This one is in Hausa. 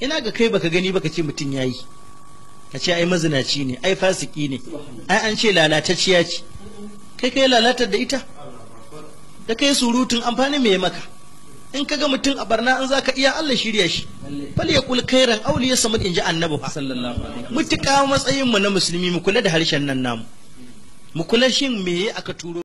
ina ga kai baka gani baka ce mutum ya yi ka ce ai mazinaci ne ai fasiki ne ai an ce lalatacciya ce kai kai lalatar da ita da kai surutun amfani mai maka in ka ga mutum a barna in zaka iya Allah shirya shi fal yaqul khairan aw li yasamud inji annabi fa mutuka matsayin mu na musulmi mu kula da harshen nan namu mu kula shin me aka turo